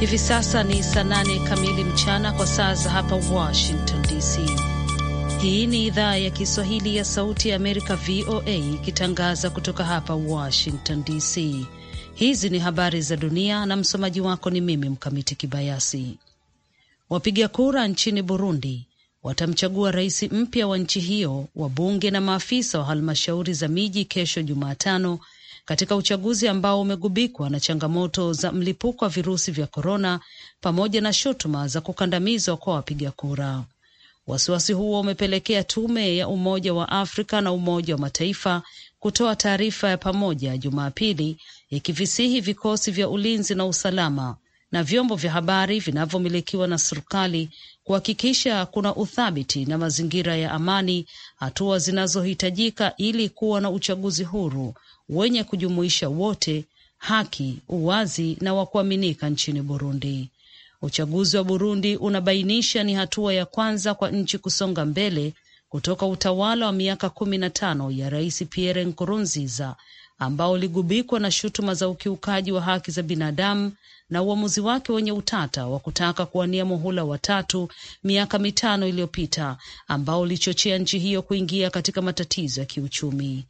Hivi sasa ni saa nane kamili mchana kwa saa za hapa Washington DC. Hii ni idhaa ya Kiswahili ya Sauti ya Amerika, VOA, ikitangaza kutoka hapa Washington DC. Hizi ni habari za dunia na msomaji wako ni mimi Mkamiti Kibayasi. Wapiga kura nchini Burundi watamchagua rais mpya wa nchi hiyo, wabunge na maafisa wa halmashauri za miji kesho Jumatano, katika uchaguzi ambao umegubikwa na changamoto za mlipuko wa virusi vya korona pamoja na shutuma za kukandamizwa kwa wapiga kura. Wasiwasi huo umepelekea tume ya Umoja wa Afrika na Umoja wa Mataifa kutoa taarifa ya pamoja Jumapili ikivisihi vikosi vya ulinzi na usalama na vyombo vya habari vinavyomilikiwa na serikali kuhakikisha kuna uthabiti na mazingira ya amani, hatua zinazohitajika ili kuwa na uchaguzi huru wenye kujumuisha wote, haki, uwazi na wa kuaminika nchini Burundi. Uchaguzi wa Burundi unabainisha ni hatua ya kwanza kwa nchi kusonga mbele kutoka utawala wa miaka kumi na tano ya Rais Pierre Nkurunziza ambao uligubikwa na shutuma za ukiukaji wa haki za binadamu na uamuzi wake wenye utata wa kutaka kuwania muhula wa tatu miaka mitano iliyopita ambao ulichochea nchi hiyo kuingia katika matatizo ya kiuchumi.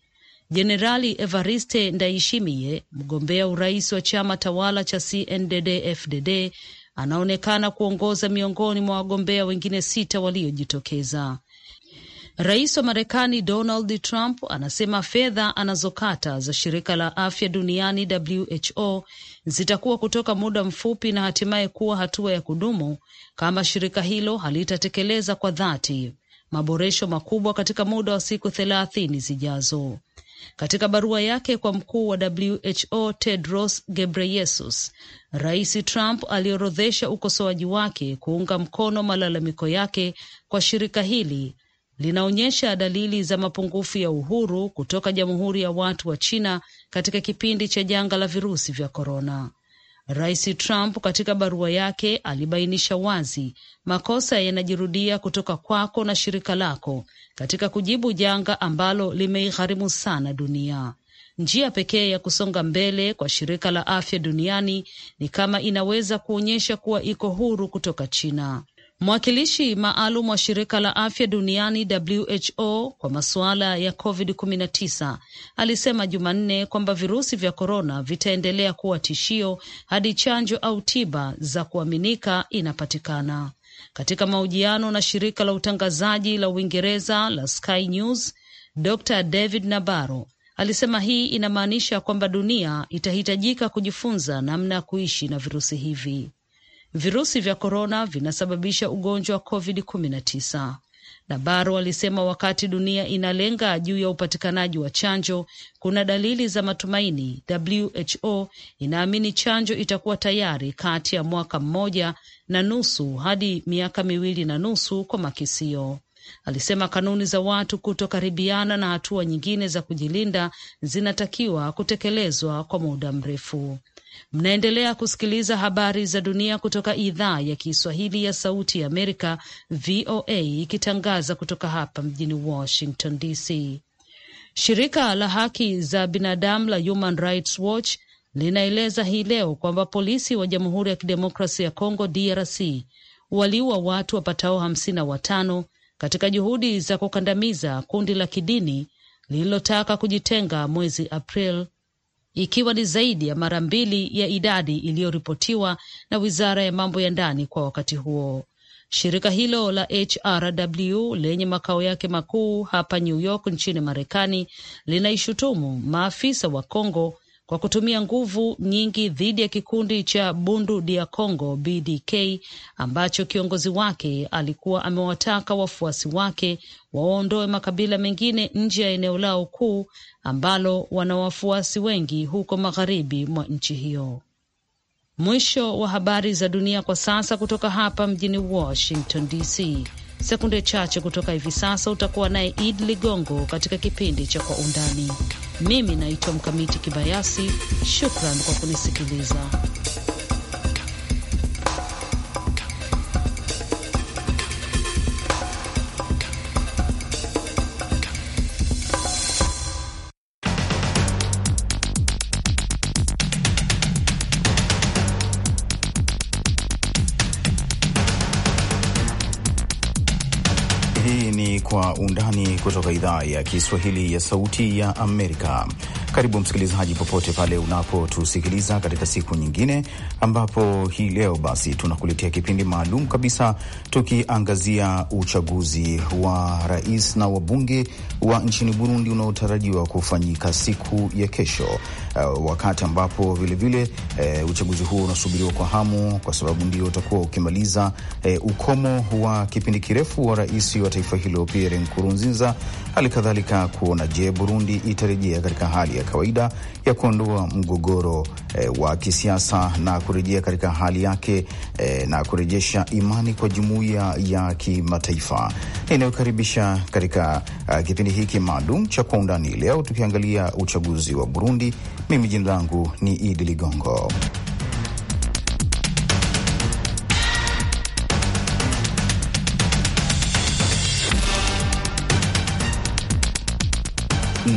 Jenerali Evariste Ndayishimiye, mgombea urais wa chama tawala cha CNDD-FDD, anaonekana kuongoza miongoni mwa wagombea wengine sita waliojitokeza. Rais wa Marekani Donald Trump anasema fedha anazokata za shirika la afya duniani WHO zitakuwa kutoka muda mfupi na hatimaye kuwa hatua ya kudumu kama shirika hilo halitatekeleza kwa dhati maboresho makubwa katika muda wa siku thelathini zijazo. Katika barua yake kwa mkuu wa WHO Tedros Gebreyesus, Rais Trump aliorodhesha ukosoaji wake kuunga mkono malalamiko yake kwa shirika hili linaonyesha dalili za mapungufu ya uhuru kutoka Jamhuri ya Watu wa China katika kipindi cha janga la virusi vya korona. Rais Trump katika barua yake alibainisha wazi, makosa yanajirudia kutoka kwako na shirika lako katika kujibu janga ambalo limeigharimu sana dunia. Njia pekee ya kusonga mbele kwa shirika la afya duniani ni kama inaweza kuonyesha kuwa iko huru kutoka China. Mwakilishi maalum wa shirika la afya duniani WHO kwa masuala ya COVID-19 alisema Jumanne kwamba virusi vya korona vitaendelea kuwa tishio hadi chanjo au tiba za kuaminika inapatikana. Katika mahojiano na shirika la utangazaji la Uingereza la Sky News, Dr David Nabarro alisema hii inamaanisha kwamba dunia itahitajika kujifunza namna ya kuishi na virusi hivi virusi vya korona vinasababisha ugonjwa wa COVID-19. Nabaro alisema wakati dunia inalenga juu ya upatikanaji wa chanjo, kuna dalili za matumaini. WHO inaamini chanjo itakuwa tayari kati ya mwaka mmoja na nusu hadi miaka miwili na nusu kwa makisio. Alisema kanuni za watu kutokaribiana na hatua nyingine za kujilinda zinatakiwa kutekelezwa kwa muda mrefu. Mnaendelea kusikiliza habari za dunia kutoka idhaa ya Kiswahili ya Sauti ya Amerika, VOA, ikitangaza kutoka hapa mjini Washington DC. Shirika la haki za binadamu la Human Rights Watch linaeleza hii leo kwamba polisi wa Jamhuri ya Kidemokrasia ya Kongo, DRC, waliua watu wapatao hamsini na watano katika juhudi za kukandamiza kundi la kidini lililotaka kujitenga mwezi April ikiwa ni zaidi ya mara mbili ya idadi iliyoripotiwa na wizara ya mambo ya ndani kwa wakati huo. Shirika hilo la HRW lenye makao yake makuu hapa New York nchini Marekani linaishutumu maafisa wa Kongo kwa kutumia nguvu nyingi dhidi ya kikundi cha Bundu dia Congo BDK ambacho kiongozi wake alikuwa amewataka wafuasi wake waondoe makabila mengine nje ya eneo lao kuu ambalo wana wafuasi wengi huko magharibi mwa nchi hiyo. Mwisho wa habari za dunia kwa sasa kutoka hapa mjini Washington DC. Sekunde chache kutoka hivi sasa utakuwa naye Id Ligongo katika kipindi cha Kwa Undani. Mimi naitwa Mkamiti Kibayasi. Shukran kwa kunisikiliza. undani kutoka idhaa ya Kiswahili ya Sauti ya Amerika. Karibu msikilizaji, popote pale unapotusikiliza katika siku nyingine, ambapo hii leo basi tunakuletea kipindi maalum kabisa tukiangazia uchaguzi wa rais na wabunge wa nchini Burundi unaotarajiwa kufanyika siku ya kesho uh, wakati ambapo vilevile vile, uh, uchaguzi huo unasubiriwa kwa hamu, kwa sababu ndio utakuwa ukimaliza uh, ukomo wa kipindi kirefu wa rais wa taifa hilo Pierre Nkurunziza, hali kadhalika kuona je, Burundi itarejea katika hali ya kawaida ya kuondoa mgogoro uh, wa kisiasa na kurejea katika hali yake uh, na kurejesha imani kwa jumuiya ya kimataifa inayokaribisha katika uh, kipindi hiki maalum cha kwa undani leo tukiangalia uchaguzi wa Burundi mimi jina langu ni Idi Ligongo.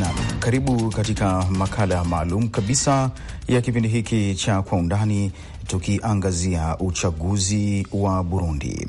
Naam, karibu katika makala maalum kabisa ya kipindi hiki cha Kwa Undani, tukiangazia uchaguzi wa Burundi.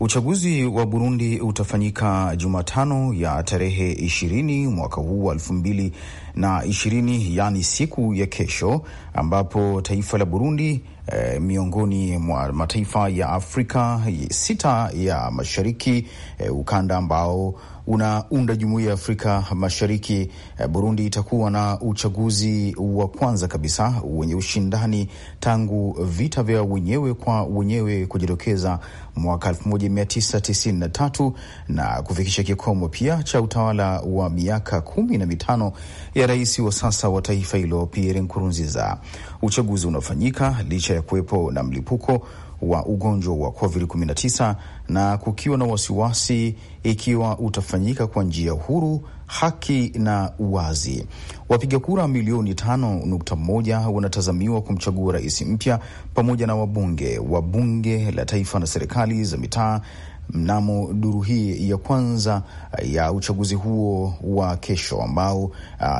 Uchaguzi wa Burundi utafanyika Jumatano ya tarehe ishirini mwaka huu wa elfu mbili na ishirini yaani siku ya kesho, ambapo taifa la Burundi e, miongoni mwa mataifa ya Afrika sita ya Mashariki e, ukanda ambao unaunda jumuiya ya Afrika Mashariki, eh, Burundi itakuwa na uchaguzi wa kwanza kabisa wenye ushindani tangu vita vya wenyewe kwa wenyewe kujitokeza mwaka 1993 na kufikisha kikomo pia cha utawala wa miaka kumi na mitano ya rais wa sasa wa taifa hilo Pierre Nkurunziza. Uchaguzi unafanyika licha ya kuwepo na mlipuko wa ugonjwa wa COVID-19 na kukiwa na wasiwasi ikiwa utafanyika kwa njia huru, haki na uwazi. Wapiga kura milioni 5.1 wanatazamiwa kumchagua rais mpya pamoja na wabunge wa bunge la taifa na serikali za mitaa mnamo duru hii ya kwanza eh, ya uchaguzi huo wa kesho, ambao uh,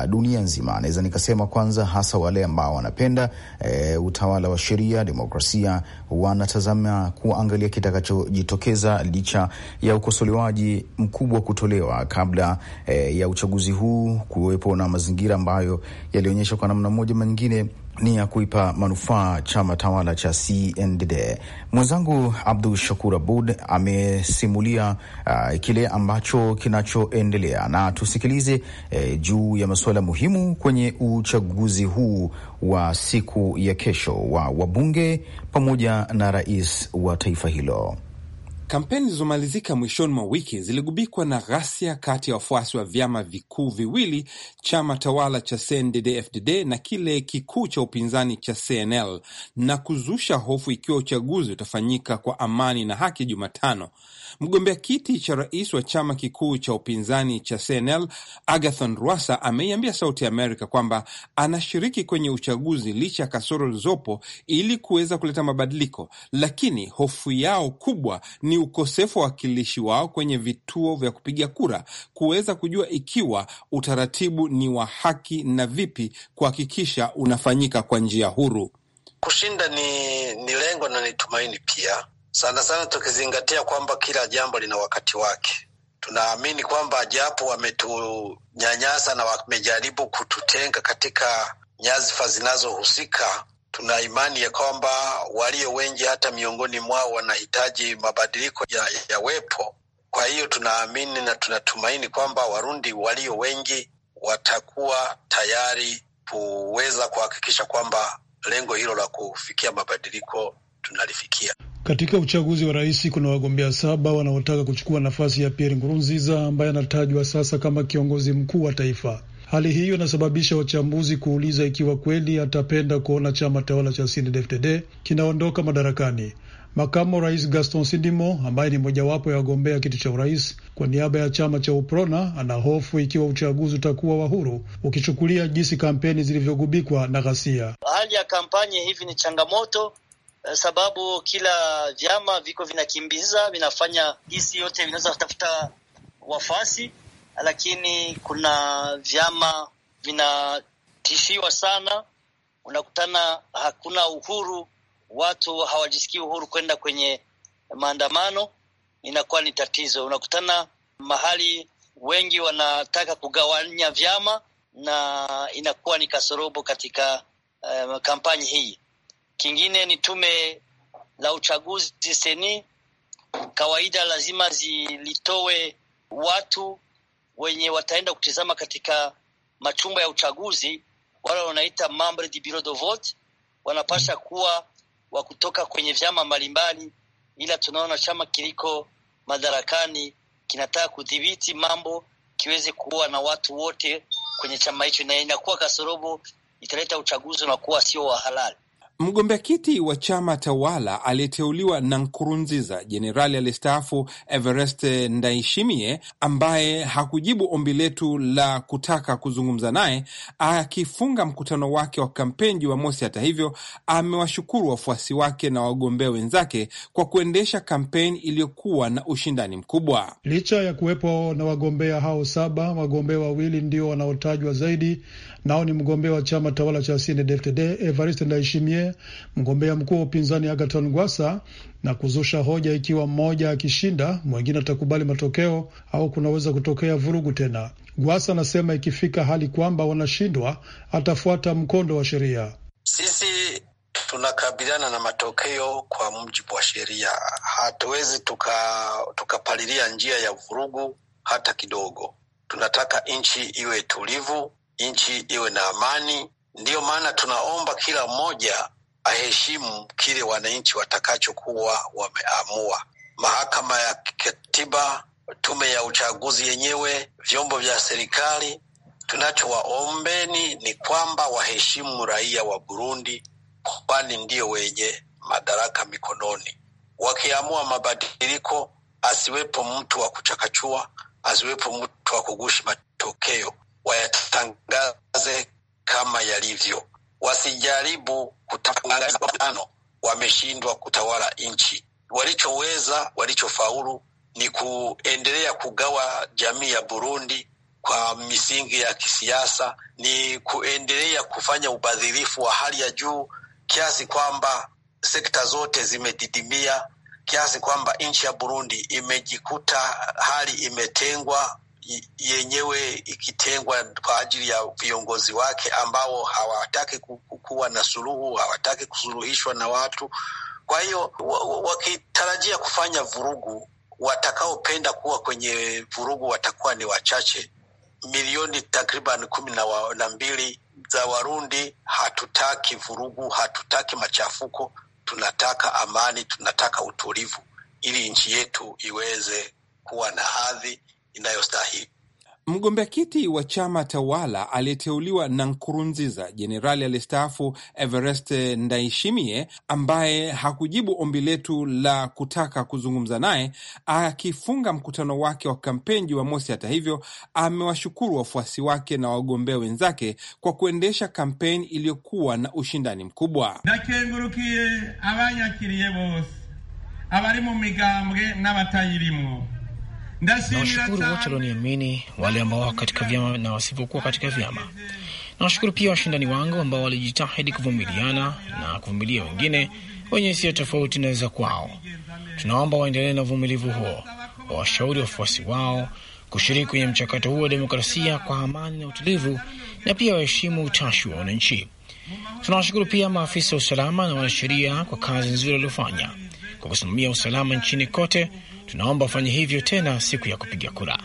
dunia nzima anaweza nikasema kwanza, hasa wale ambao wanapenda e, utawala wa sheria, demokrasia, wanatazama kuangalia kitakachojitokeza licha ya ukosolewaji mkubwa kutolewa kabla e, ya uchaguzi huu, kuwepo na mazingira ambayo yalionyesha kwa namna moja manyingine ni ya kuipa manufaa chama tawala cha CNDD. Mwenzangu Abdul Shakur Abud amesimulia uh, kile ambacho kinachoendelea na tusikilize eh, juu ya masuala muhimu kwenye uchaguzi huu wa siku ya kesho wa wabunge pamoja na rais wa taifa hilo. Kampeni zilizomalizika mwishoni mwa wiki ziligubikwa na ghasia kati ya wafuasi wa vyama vikuu viwili, chama tawala cha CNDD-FDD na kile kikuu cha upinzani cha CNL, na kuzusha hofu ikiwa uchaguzi utafanyika kwa amani na haki Jumatano, Mgombea kiti cha rais wa chama kikuu cha upinzani cha CNL Agathon Rwasa ameiambia Sauti ya Amerika kwamba anashiriki kwenye uchaguzi licha ya kasoro zilizopo ili kuweza kuleta mabadiliko, lakini hofu yao kubwa ni ukosefu wa wakilishi wao kwenye vituo vya kupiga kura kuweza kujua ikiwa utaratibu ni wa haki na vipi kuhakikisha unafanyika kwa njia huru. Kushinda ni, ni lengo na ni tumaini pia, sana sana, tukizingatia kwamba kila jambo lina wakati wake. Tunaamini kwamba japo wametunyanyasa na wamejaribu kututenga katika nyadhifa zinazohusika, tuna imani ya kwamba walio wengi hata miongoni mwao wanahitaji mabadiliko ya, ya wepo. Kwa hiyo tunaamini na tunatumaini kwamba Warundi walio wengi watakuwa tayari kuweza kuhakikisha kwamba lengo hilo la kufikia mabadiliko tunalifikia. Katika uchaguzi wa rais kuna wagombea saba wanaotaka kuchukua nafasi ya Pierre Nkurunziza ambaye anatajwa sasa kama kiongozi mkuu wa taifa. Hali hiyo inasababisha wachambuzi kuuliza ikiwa kweli atapenda kuona chama tawala cha CNDD-FDD kinaondoka madarakani. Makamu rais Gaston Sindimo ambaye ni mojawapo ya wagombea kiti cha urais kwa niaba ya chama cha UPRONA ana hofu ikiwa uchaguzi utakuwa wa huru, ukichukulia jinsi kampeni zilivyogubikwa na ghasia. Hali ya kampanye hivi ni changamoto, Eh, sababu kila vyama viko vinakimbiza vinafanya gisi yote vinaweza kutafuta wafasi, lakini kuna vyama vinatishiwa sana, unakutana hakuna uhuru, watu hawajisikii uhuru kwenda kwenye maandamano, inakuwa ni tatizo. Unakutana mahali wengi wanataka kugawanya vyama na inakuwa ni kasorobo katika um, eh, kampani hii. Kingine ni tume la uchaguzi seni, kawaida lazima zilitoe watu wenye wataenda kutizama katika machumba ya uchaguzi, wala wanaita membres du bureau de vote, wanapasha mm. kuwa wa kutoka kwenye vyama mbalimbali, ila tunaona chama kiliko madarakani kinataka kudhibiti mambo kiweze kuwa na watu wote kwenye chama hicho, na inakuwa kasorobo, italeta uchaguzi unakuwa sio wa halali. Mgombea kiti wa chama tawala aliyeteuliwa na Nkurunziza, jenerali aliyestaafu evereste ndaishimie ambaye hakujibu ombi letu la kutaka kuzungumza naye, akifunga mkutano wake wa kampeni Jumamosi. Hata hivyo, amewashukuru wafuasi wake na wagombea wenzake kwa kuendesha kampeni iliyokuwa na ushindani mkubwa. Licha ya kuwepo na wagombea hao saba, wagombea wawili ndio wanaotajwa zaidi nao ni mgombea wa chama tawala cha CNDD-FDD Evariste Ndayishimiye, mgombea mkuu wa upinzani Agaton gwasa na kuzusha hoja ikiwa mmoja akishinda mwengine atakubali matokeo au kunaweza kutokea vurugu tena. Gwasa anasema ikifika hali kwamba wanashindwa, atafuata mkondo wa sheria. Sisi tunakabiliana na matokeo kwa mujibu wa sheria, hatuwezi tukapalilia tuka njia ya vurugu hata kidogo. Tunataka nchi iwe tulivu, nchi iwe na amani. Ndiyo maana tunaomba kila mmoja aheshimu kile wananchi watakachokuwa wameamua. Mahakama ya Katiba, tume ya uchaguzi yenyewe, vyombo vya serikali, tunachowaombeni ni kwamba waheshimu raia wa Burundi, kwani ndiyo wenye madaraka mikononi. Wakiamua mabadiliko, asiwepo mtu wa kuchakachua, asiwepo mtu wa kugushi matokeo wayatangaze kama yalivyo, wasijaribu kutangaza mapatano. Wameshindwa kutawala nchi, walichoweza walichofaulu ni kuendelea kugawa jamii ya Burundi kwa misingi ya kisiasa, ni kuendelea kufanya ubadhirifu wa hali ya juu kiasi kwamba sekta zote zimedidimia, kiasi kwamba nchi ya Burundi imejikuta hali imetengwa yenyewe ikitengwa kwa ajili ya viongozi wake ambao hawataki kuwa na suluhu, hawataki kusuluhishwa na watu. Kwa hiyo wakitarajia kufanya vurugu, watakaopenda kuwa kwenye vurugu watakuwa ni wachache. Milioni takriban kumi na mbili za Warundi hatutaki vurugu, hatutaki machafuko, tunataka amani, tunataka utulivu ili nchi yetu iweze kuwa na hadhi inayostahili. Mgombea kiti wa chama tawala aliyeteuliwa na Nkurunziza, jenerali aliyestaafu Everest Ndaishimie, ambaye hakujibu ombi letu la kutaka kuzungumza naye, akifunga mkutano wake wa kampeni Jumamosi. Hata hivyo, amewashukuru wafuasi wake na wagombea wenzake kwa kuendesha kampeni iliyokuwa na ushindani mkubwa. nakengurukie abanyakiriye bose abari mu migambwe n'abatayirimo Nawashukuru wote walioniamini, wale ambao wako katika vyama na wasivyokuwa katika vyama. Nawashukuru pia washindani wangu ambao walijitahidi kuvumiliana na kuvumilia wengine wenye sio tofauti na kwao. Tunaomba waendelee na uvumilivu huo, wawashauri wafuasi wao kushiriki kwenye mchakato huo wa demokrasia kwa amani na utulivu, na pia waheshimu utashi wa wananchi. Tunawashukuru pia maafisa wa usalama na wanasheria kwa kazi nzuri waliofanya kwa kusimamia usalama nchini kote. Tunaomba wafanye hivyo tena siku ya kupiga kura.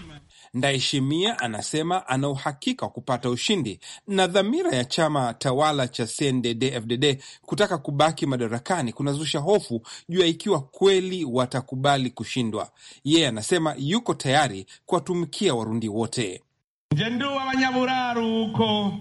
Ndaheshimia anasema ana uhakika wa kupata ushindi na dhamira ya chama tawala cha CNDD-FDD kutaka kubaki madarakani kunazusha hofu juu ya ikiwa kweli watakubali kushindwa. Yeye anasema yuko tayari kuwatumikia Warundi wote. Njenduwa huko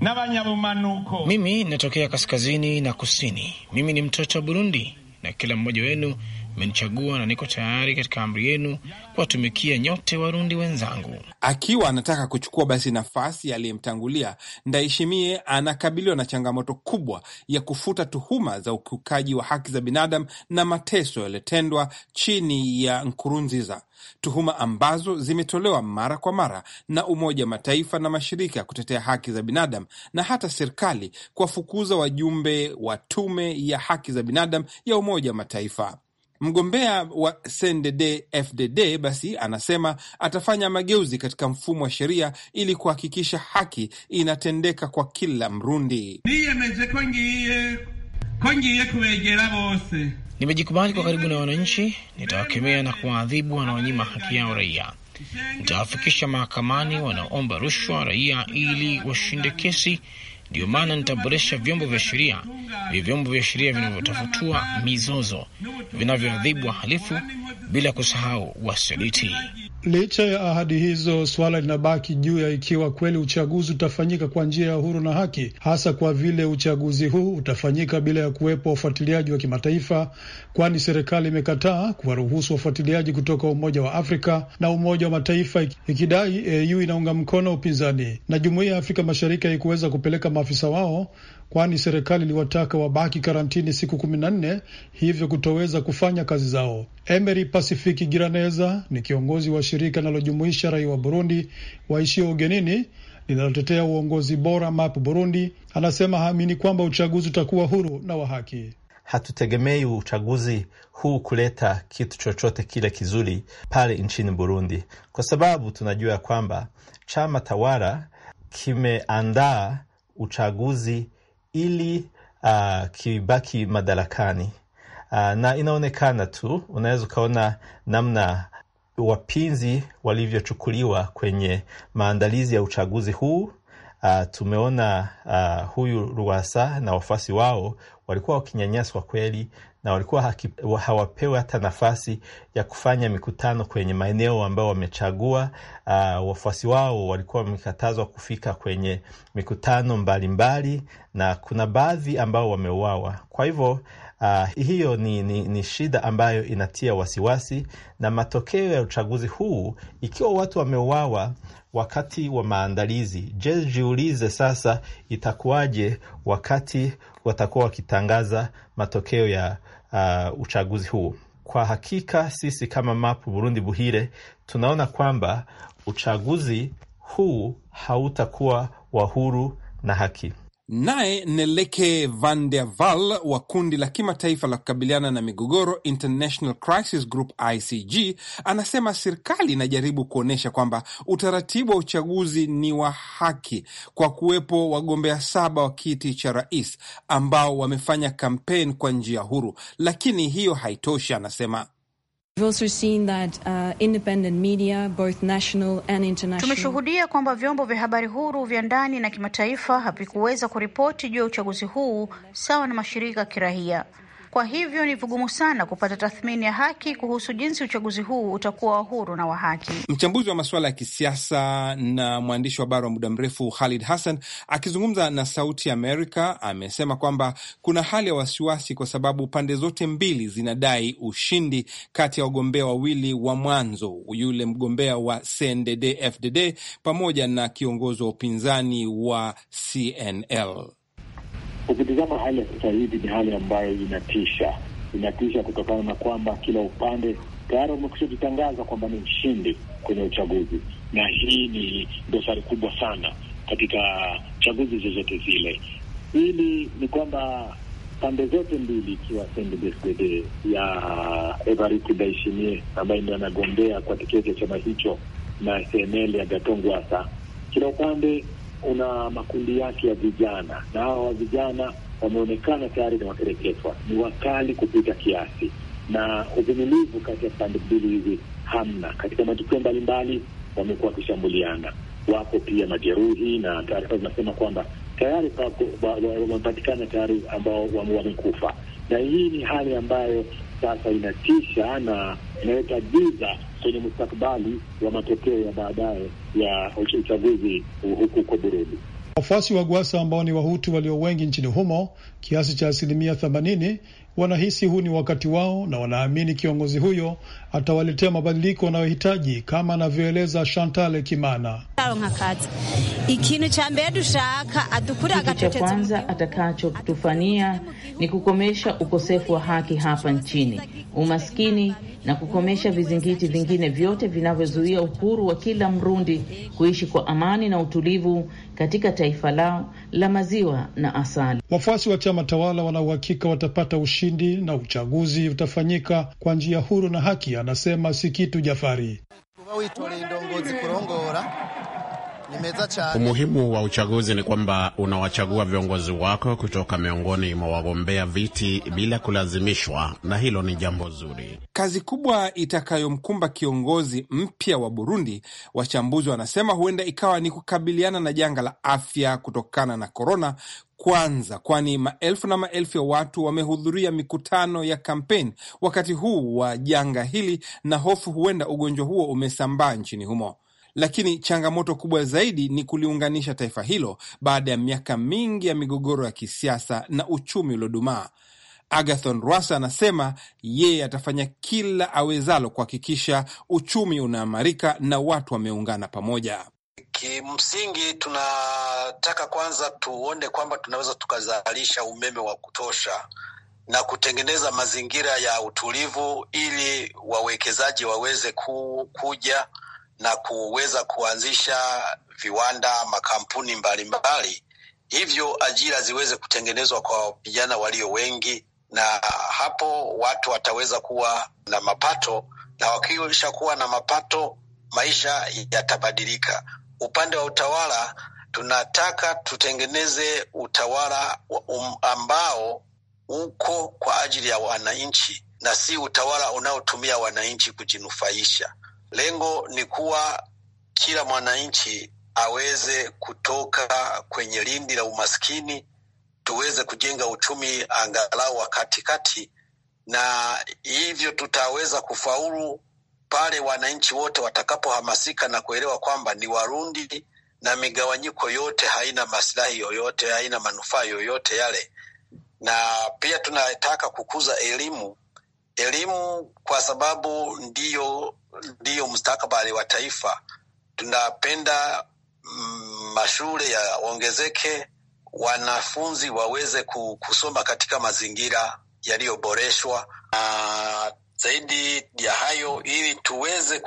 na wanyabumanuko. Mimi natokea kaskazini na kusini. Mimi ni mtoto wa Burundi. que la mmoja wenu mmenichagua na niko tayari katika amri yenu kuwatumikia nyote Warundi wenzangu. Akiwa anataka kuchukua basi nafasi aliyemtangulia, Ndayishimiye anakabiliwa na changamoto kubwa ya kufuta tuhuma za ukiukaji wa haki za binadamu na mateso yaliyotendwa chini ya Nkurunziza, tuhuma ambazo zimetolewa mara kwa mara na Umoja wa Mataifa na mashirika ya kutetea haki za binadamu na hata serikali kuwafukuza wajumbe wa tume ya haki za binadamu ya Umoja wa Mataifa. Mgombea wa CNDD FDD basi anasema atafanya mageuzi katika mfumo wa sheria ili kuhakikisha haki inatendeka kwa kila Mrundi. Nimejikubali kwa karibu na wananchi, nitawakemea na kuwaadhibu wanaonyima haki yao raia. Nitawafikisha mahakamani wanaoomba rushwa raia ili washinde kesi Ndiyo maana nitaboresha vyombo vya sheria, vyo vyombo vya sheria vinavyotafutua mizozo, vinavyoadhibu wahalifu, bila kusahau wasaliti. Licha ya ahadi hizo, swala linabaki juu ya ikiwa kweli uchaguzi utafanyika kwa njia ya huru na haki, hasa kwa vile uchaguzi huu utafanyika bila ya kuwepo wafuatiliaji wa kimataifa, kwani serikali imekataa kuwaruhusu wafuatiliaji kutoka Umoja wa Afrika na Umoja wa Mataifa, ikidai AU inaunga mkono upinzani na Jumuiya ya Afrika Mashariki haikuweza kupeleka maafisa wao kwani serikali iliwataka wabaki karantini siku kumi na nne, hivyo kutoweza kufanya kazi zao. Emery Pacific Giraneza ni kiongozi wa shirika linalojumuisha raia wa Burundi waishio ugenini linalotetea uongozi bora MAP Burundi. Anasema haamini kwamba uchaguzi utakuwa huru na wa haki. Hatutegemei uchaguzi huu kuleta kitu chochote kile kizuri pale nchini Burundi, kwa sababu tunajua ya kwamba chama tawala kimeandaa uchaguzi ili uh, kibaki madarakani. Uh, na inaonekana tu, unaweza ukaona namna wapinzi walivyochukuliwa kwenye maandalizi ya uchaguzi huu. Uh, tumeona uh, huyu Ruasa na wafuasi wao walikuwa wakinyanyaswa kweli, na walikuwa hawapewi hata nafasi ya kufanya mikutano kwenye maeneo ambayo wamechagua. Uh, wafuasi wao walikuwa wamekatazwa kufika kwenye mikutano mbalimbali mbali, na kuna baadhi ambao wameuawa. Kwa hivyo Uh, hiyo ni, ni, ni shida ambayo inatia wasiwasi na matokeo ya uchaguzi huu. Ikiwa watu wameuawa wakati wa maandalizi, je, jiulize sasa, itakuwaje wakati watakuwa wakitangaza matokeo ya uh, uchaguzi huo. Kwa hakika sisi kama Mapu Burundi Buhire tunaona kwamba uchaguzi huu hautakuwa wa huru na haki. Naye Neleke van Val wa kundi la kimataifa la kukabiliana na migogoro International Crisis Group ICG anasema serikali inajaribu kuonyesha kwamba utaratibu wa uchaguzi ni wa haki kwa kuwepo wagombea saba wa kiti cha rais ambao wamefanya kampeni kwa njia huru, lakini hiyo haitoshi, anasema. Uh, Tumeshuhudia kwamba vyombo vya habari huru vya ndani na kimataifa havikuweza kuripoti juu ya uchaguzi huu sawa na mashirika ya kiraia. Kwa hivyo ni vigumu sana kupata tathmini ya haki kuhusu jinsi uchaguzi huu utakuwa wa huru na wa haki. Mchambuzi wa masuala ya kisiasa na mwandishi wa habari wa muda mrefu Khalid Hassan akizungumza na Sauti Amerika amesema kwamba kuna hali ya wasiwasi kwa sababu pande zote mbili zinadai ushindi kati ya wagombea wawili wa mwanzo, yule mgombea wa CNDD-FDD pamoja na kiongozi wa upinzani wa CNL. Ukitizama hali ya sasa hivi ni hali ambayo inatisha, inatisha kutokana na kwamba kila upande tayari umekwisha jitangaza kwamba ni mshindi kwenye uchaguzi, na hii ni dosari kubwa sana katika chaguzi zozote zile. Hili ni kwamba pande zote mbili, ikiwa CNDD-FDD ya Evariste Ndayishimiye ambaye ndio anagombea kwa tiketi ya chama hicho na SNL ya Agathon Rwasa, kila upande una makundi yake ya vijana, na hawa vijana wameonekana tayari na wakereketwa, ni wakali kupita kiasi, na uvumilivu kati ya pande mbili hizi hamna. Katika matukio mbalimbali wamekuwa wakishambuliana, wapo pia majeruhi, na taarifa zinasema kwamba tayari wamepatikana tayari ambao wamekufa, na hii ni hali ambayo sasa inatisha na inaleta giza kwenye mustakabali wa matokeo ya baadaye ya uchaguzi huku huko Burundi. Wafuasi wa Gwasa ambao ni Wahutu walio wengi nchini humo, kiasi cha asilimia themanini, wanahisi huu ni wakati wao na wanaamini kiongozi huyo atawaletea mabadiliko wanayohitaji, kama anavyoeleza Chantal Kimana. Kitu cha kwanza atakachotufania ni kukomesha ukosefu wa haki hapa nchini, umaskini na kukomesha vizingiti vingine vyote vinavyozuia uhuru wa kila Mrundi kuishi kwa amani na utulivu katika taifa lao la maziwa na asali. Wafuasi wa chama tawala wanauhakika watapata ushindi na uchaguzi utafanyika kwa njia huru na haki ya anasema si kitu Jafari. Umuhimu wa uchaguzi ni kwamba unawachagua viongozi wako kutoka miongoni mwa wagombea viti bila kulazimishwa, na hilo ni jambo zuri. Kazi kubwa itakayomkumba kiongozi mpya wa Burundi, wachambuzi wanasema huenda ikawa ni kukabiliana na janga la afya kutokana na korona kwanza, kwani maelfu na maelfu ya watu wamehudhuria mikutano ya kampeni wakati huu wa janga hili, na hofu huenda ugonjwa huo umesambaa nchini humo lakini changamoto kubwa zaidi ni kuliunganisha taifa hilo baada ya miaka mingi ya migogoro ya kisiasa na uchumi uliodumaa. Agathon Rwasa anasema yeye atafanya kila awezalo kuhakikisha uchumi unaimarika na watu wameungana pamoja. Kimsingi, tunataka kwanza tuone kwamba tunaweza tukazalisha umeme wa kutosha na kutengeneza mazingira ya utulivu ili wawekezaji waweze ku, kuja na kuweza kuanzisha viwanda, makampuni mbalimbali mbali. Hivyo ajira ziweze kutengenezwa kwa vijana walio wengi, na hapo watu wataweza kuwa na mapato, na wakiisha kuwa na mapato maisha yatabadilika. Upande wa utawala tunataka tutengeneze utawala um, ambao uko kwa ajili ya wananchi na si utawala unaotumia wananchi kujinufaisha. Lengo ni kuwa kila mwananchi aweze kutoka kwenye lindi la umaskini, tuweze kujenga uchumi angalau wa katikati, na hivyo tutaweza kufaulu pale wananchi wote watakapohamasika na kuelewa kwamba ni Warundi na migawanyiko yote haina masilahi yoyote, haina manufaa yoyote yale. Na pia tunataka kukuza elimu, elimu kwa sababu ndiyo ndiyo mustakabali wa taifa. Tunapenda mm, mashule yaongezeke, wanafunzi waweze kusoma katika mazingira yaliyoboreshwa na zaidi ya hayo, ili tuweze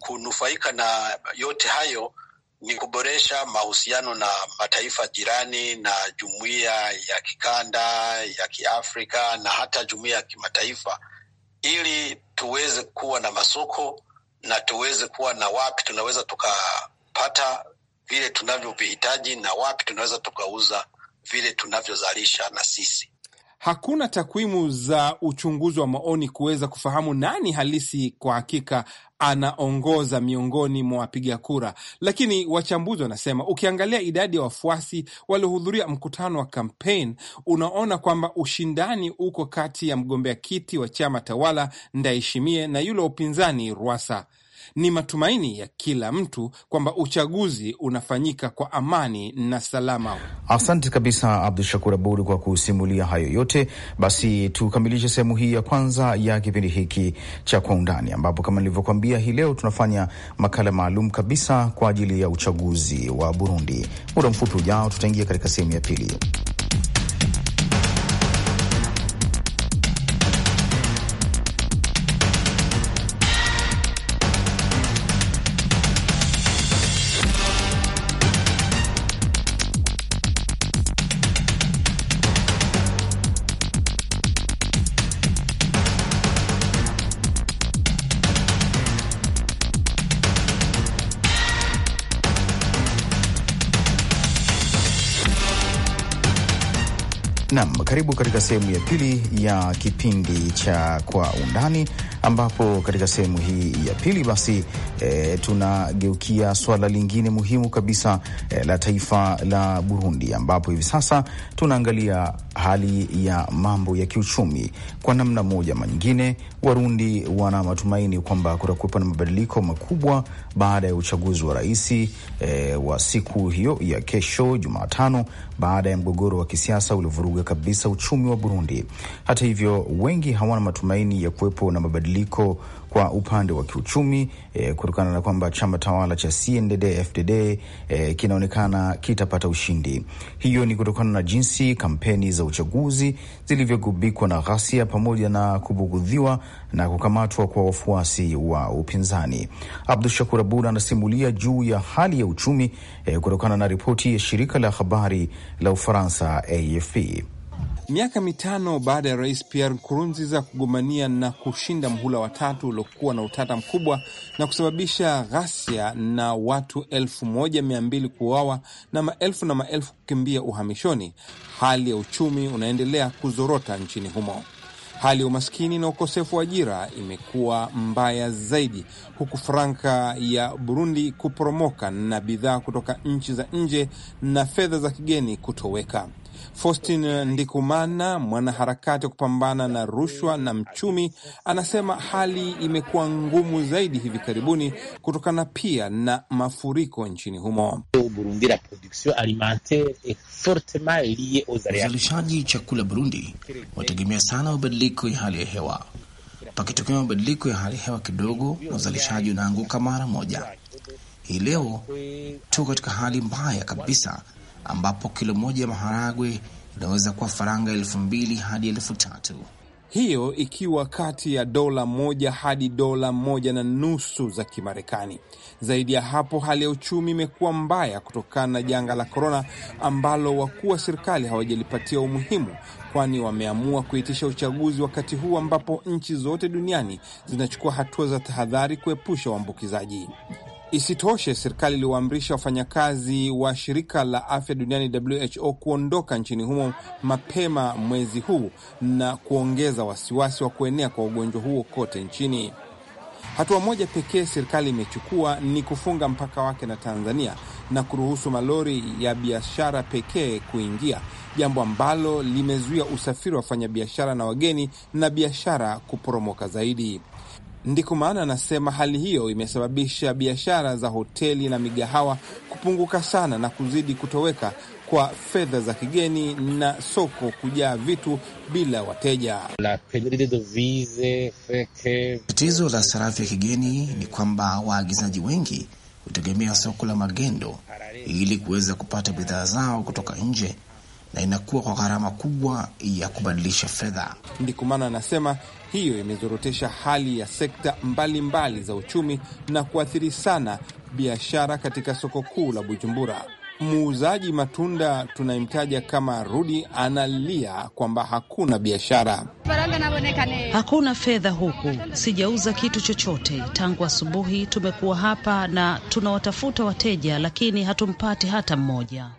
kunufaika na yote hayo ni kuboresha mahusiano na mataifa jirani na jumuiya ya kikanda ya Kiafrika na hata jumuiya ya kimataifa ili tuweze kuwa na masoko na tuweze kuwa na wapi tunaweza tukapata vile tunavyovihitaji na wapi tunaweza tukauza vile tunavyozalisha na sisi hakuna takwimu za uchunguzi wa maoni kuweza kufahamu nani halisi kwa hakika anaongoza miongoni mwa wapiga kura, lakini wachambuzi wanasema ukiangalia idadi ya wafuasi waliohudhuria mkutano wa kampeni unaona kwamba ushindani uko kati ya mgombea kiti wa chama tawala Ndayishimiye na yule wa upinzani Rwasa. Ni matumaini ya kila mtu kwamba uchaguzi unafanyika kwa amani na salama. Asante kabisa Abdu Shakur Abud kwa kusimulia hayo yote. Basi tukamilishe sehemu hii ya kwanza ya kipindi hiki cha Kwa Undani, ambapo kama nilivyokuambia, hii leo tunafanya makala maalum kabisa kwa ajili ya uchaguzi wa Burundi. Muda mfupi ujao, tutaingia katika sehemu ya pili. Karibu katika sehemu ya pili ya kipindi cha Kwa Undani, ambapo katika sehemu hii ya pili basi e, tunageukia swala lingine muhimu kabisa e, la taifa la Burundi, ambapo hivi sasa tunaangalia hali ya mambo ya kiuchumi. Kwa namna moja ama nyingine, Warundi wana matumaini kwamba kutakuwepo na mabadiliko makubwa baada ya uchaguzi wa rais e, wa siku hiyo ya kesho Jumatano, baada ya mgogoro wa kisiasa uliovuruga kabisa uchumi wa Burundi. Hata hivyo, wengi hawana matumaini ya kuwepo na mabadiliko kwa upande wa kiuchumi e, kutokana na kwamba chama tawala cha CNDD-FDD e, eh, kinaonekana kitapata ushindi. Hiyo ni kutokana na jinsi kampeni za uchaguzi zilivyogubikwa na ghasia pamoja na kubugudhiwa na kukamatwa kwa wafuasi wa upinzani. Abdu Shakur Abud anasimulia juu ya hali ya uchumi e, kutokana na ripoti ya shirika la habari la Ufaransa AFP. Miaka mitano baada ya rais Pierre Nkurunziza kugombania na kushinda mhula watatu uliokuwa na utata mkubwa na kusababisha ghasia na watu elfu moja mia mbili kuuawa na maelfu na maelfu kukimbia uhamishoni, hali ya uchumi unaendelea kuzorota nchini humo. Hali ya umaskini na ukosefu wa ajira imekuwa mbaya zaidi, huku franka ya Burundi kuporomoka na bidhaa kutoka nchi za nje na fedha za kigeni kutoweka. Faustin Ndikumana, mwanaharakati wa kupambana na rushwa na mchumi, anasema hali imekuwa ngumu zaidi hivi karibuni kutokana pia na mafuriko nchini humo. Uzalishaji chakula Burundi wategemea sana mabadiliko ya hali ya hewa. Pakitokea mabadiliko ya hali ya hewa kidogo, uzalishaji unaanguka mara moja. Hii leo tuko katika hali mbaya kabisa ambapo kilo moja ya maharagwe inaweza kuwa faranga elfu mbili hadi elfu tatu hiyo ikiwa kati ya dola moja hadi dola moja na nusu za Kimarekani. Zaidi ya hapo, hali ya uchumi imekuwa mbaya kutokana na janga la korona, ambalo wakuu wa serikali hawajalipatia umuhimu, kwani wameamua kuitisha uchaguzi wakati huu ambapo nchi zote duniani zinachukua hatua za tahadhari kuepusha uambukizaji. Isitoshe, serikali iliwaamrisha wafanyakazi wa shirika la afya duniani WHO kuondoka nchini humo mapema mwezi huu na kuongeza wasiwasi wa kuenea kwa ugonjwa huo kote nchini. Hatua moja pekee serikali imechukua ni kufunga mpaka wake na Tanzania na kuruhusu malori ya biashara pekee kuingia, jambo ambalo limezuia usafiri wa wafanyabiashara na wageni na biashara kuporomoka zaidi. Ndiko maana anasema hali hiyo imesababisha biashara za hoteli na migahawa kupunguka sana na kuzidi kutoweka kwa fedha za kigeni na soko kujaa vitu bila wateja. Tatizo la sarafu ya kigeni ni kwamba waagizaji wengi hutegemea soko la magendo ili kuweza kupata bidhaa zao kutoka nje na inakuwa kwa gharama kubwa ya kubadilisha fedha. Ndikumana anasema hiyo imezorotesha hali ya sekta mbalimbali mbali za uchumi na kuathiri sana biashara katika soko kuu la Bujumbura. Muuzaji matunda tunayemtaja kama Rudi analia kwamba hakuna biashara, hakuna fedha huku, sijauza kitu chochote tangu asubuhi. Tumekuwa hapa na tunawatafuta wateja, lakini hatumpati hata mmoja.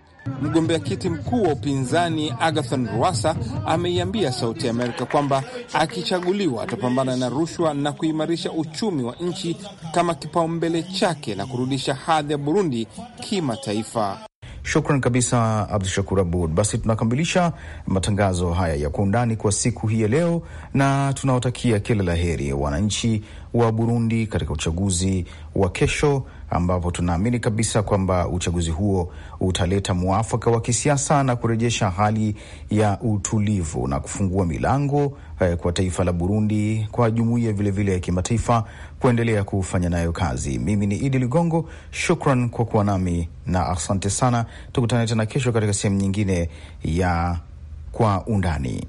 Mgombea kiti mkuu wa upinzani Agathon Rwasa ameiambia Sauti ya Amerika kwamba akichaguliwa atapambana na rushwa na kuimarisha uchumi wa nchi kama kipaumbele chake na kurudisha hadhi ya Burundi kimataifa. Shukran kabisa Abdu Shakur Abud. Basi tunakamilisha matangazo haya ya Kwa Undani kwa siku hii ya leo, na tunawatakia kila la heri wananchi wa Burundi katika uchaguzi wa kesho ambapo tunaamini kabisa kwamba uchaguzi huo utaleta mwafaka wa kisiasa na kurejesha hali ya utulivu na kufungua milango eh, kwa taifa la Burundi, kwa jumuiya vilevile ya kimataifa kuendelea kufanya nayo kazi. Mimi ni Idi Ligongo, shukran kwa kuwa nami na asante sana. Tukutane tena kesho katika sehemu nyingine ya Kwa Undani.